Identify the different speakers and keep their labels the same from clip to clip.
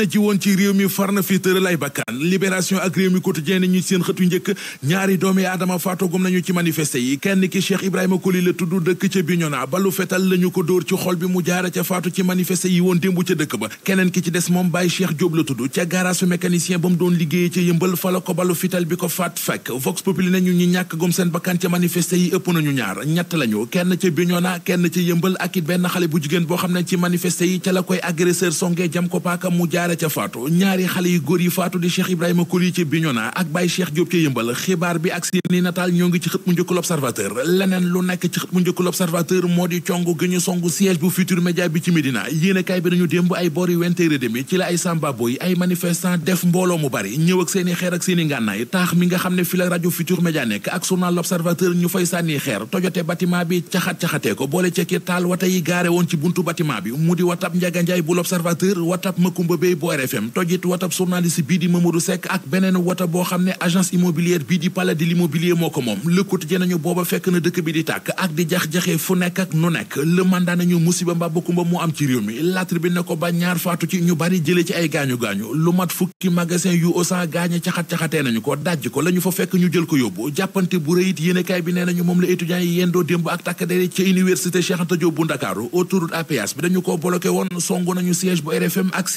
Speaker 1: na ji woon ci réew mi far na fi tëral ay bakkan libération ak réew mi quotidien ñu seen xëtu njëkk ñaari doomi aadama faatogum nañu ci manifesté yi kenn ki Cheikh Ibrahima Koli la tudd dëkk ca Bignona balu fetal lañu ko dóor ci xol bi mu jaara ca faatu ci manifesté yi woon démb ca dëkk ba keneen ki ci des moom Baye Cheikh Diop la tudd ca garage mécanicien ba mu doon liggéeye ca yëmbal fa la ko balu fital bi ko faat fekk Vox Populi nañu ñi ñàkk gom seen bakkan ca manifesté yi ëpp nañu ñaar ñett lañu kenn ca Bignona kenn ca yëmbal ak it benn xale bu jigéen boo xam ne ci manifesté yi ca la koy agresseur songee ko jaara ca faatu ñaari xale yu góor yi faatu di Cheikh Ibrahima Koli ci la ay sambabo yi ay manifestant def mbooloo mu bari ñëw ak seeni xeer ak seeni ngànnaay taax mi nga xam ne fi la rajo Futurs Médias nekk ak journal l'observateur ñu fay sànni xeer tojote bâtiment bi caxat-caxatee ko boole cekki taal wata yi gaare woon ci buntu bâtiment bi mu di watab njaganjaay bu l'observateur watab makumba bey bu RFM tojit watab journaliste bii di Mamadou Seck ak beneen wata boo xam ne agence immobilière bii di Palais de l'Immobilier moo ko moom Le Quotidien nañu booba fekk na dëkk bi di tàkk ak di jax-jaxee fu nekk ak nu nekk le mandat nañu musiba mbaa bokkumba mu am ci réew mi La bi ne ko ba ñaar faatu ci ñu bari jëlee ci ay gaañu-gaañu lu mat fukki magasin yu osa gaañe caxat caxate nañu ko dajj ko la ñu fa fekk ñu jël ko yóbbu jàppante bu rëy it yéenekaay bi nee nañu moom la étudiants yi yendoo démb ak takk dere ci université Cheikh Anta Diop bu Ndakaaru autoroute à péage bi dañu ko bloqué woon songu nañu siège bu RFM ak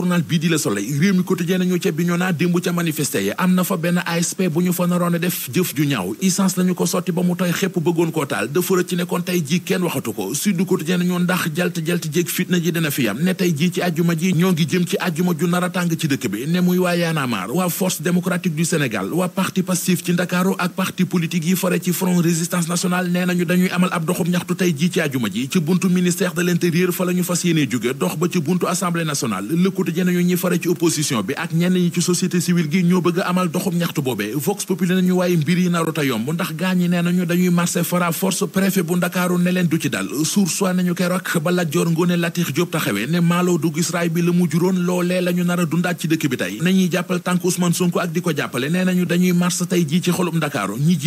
Speaker 1: journal bii di Le Soleil réew mi quotidien nañu ca Bignona démb ca manifesté yi am na fa benn ASP bu ñu fa naroon def jëf ju ñaaw essence lañu ko sotti ba mu tooy xepp bëggoon koo taal dafa rëcc ne kon tey ji kenn waxatu ko Sud Quotidien nañu ndax jalt jalt jéeg fitna ji dina fi am ne tey jii ci àjjuma ji ñoo ngi jëm ci àjjuma ju nara tàng ci dëkk bi ne muy waaye Y'en a marre waa Force démocratique du Sénégal waa parti Pastef ci Ndakaaru ak parti politique yi fare ci Front Résistance Nationale nee nañu dañuy amal ab doxub ñaxtu tey ci àjjuma ji ci buntu ministère de l'Intérieur fa la ñu fas yéene jóge dox ba ci buntu Assemblée nationale Quotidien nañu ñi fare ci opposition bi ak ñenn ñi ci société civile gi ñoo bëgg amal doxum ñaxtu boobee Vox Populi nañu waaye mbir yi naruta yomb ndax gaa ñi nee nañu dañuy marché fara force préfet bu Ndakaaru ne leen du ci dal sursoi nañu keroog ba Lat Ngoone Latiir Jóob taxawee ne maaloo du gis bi la mu juróon loolee la ñu a dundaat ci dëkk bi tey nañuy jàppal tànk Ousmane Sonko ak di ko jàppale nee nañu dañuy marché tey jii ci xolum Ndakaaru ñi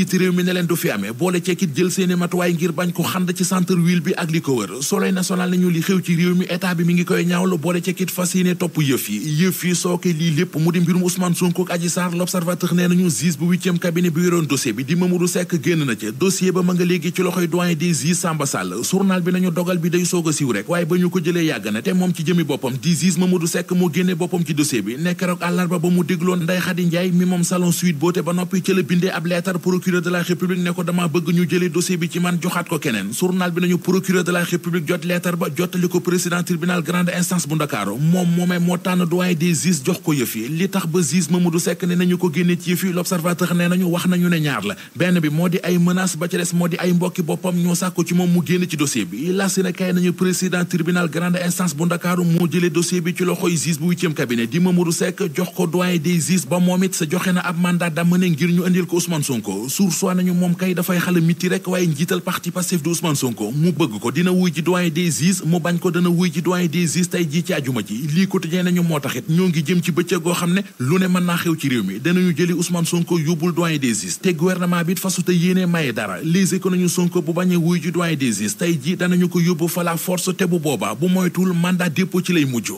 Speaker 1: topp yëf yi yëf yi lii lépp mu di mbirum Ousmane Sonko ak Adji l'observateur nee nañu juge bu huitième cabinet bi yoroon dossier bi di Mamadou Seck génn na ca dossier ba ma nga léegi ci loxoy doyen des juges Samba Sall journal bi nañu dogal bi day soog a siiw rek waaye ba ñu ko jëlee yàgg na te moom ci jëmi boppam di juge Mamadou Seck moo génne boppam ci dossier bi nekk rek àllarba ba mu dégloon Ndeye Khady Ndiaye mi moom salon Sweet Beauté ba noppi ci la bindee moo tànn doyen des juges jox ko yëf yi li tax ba juge Mamadou Seck ne nañu ko génne ci yëf yi l'observateur nee nañu wax nañu ne ñaar la benn bi moo di ay menace ba ci moo di ay mbokki boppam ñoo sàkku ci moom mu génn ci dossier bi la si ne kay nañu président tribunal grande instance bu Ndakaaru moo jëlee dossier bi ci loxoy juge bu huitième cabinet di Mamadou Seck jox ko doyen des juges ba moom it sa joxe na ab mandat d'amener ngir ñu indil ko Ousmane Sonko sursoi nañu ko dina wuy ji doyen des nee nañu moo taxit ñoo ngi jëm ci bëccëg goo xam ne lu ne mën naa xew ci réew mi danañu jëli Ousmane Sonko yóbbul doyen des juges te gouvernement bi fasute yéene maye dara lise ko nañu Sonko bu bañee wuy ji des juges tey ji danañu ko yóbbu fala la force te bu boobaa bu moytuwul mandat dépôt ci lay mujj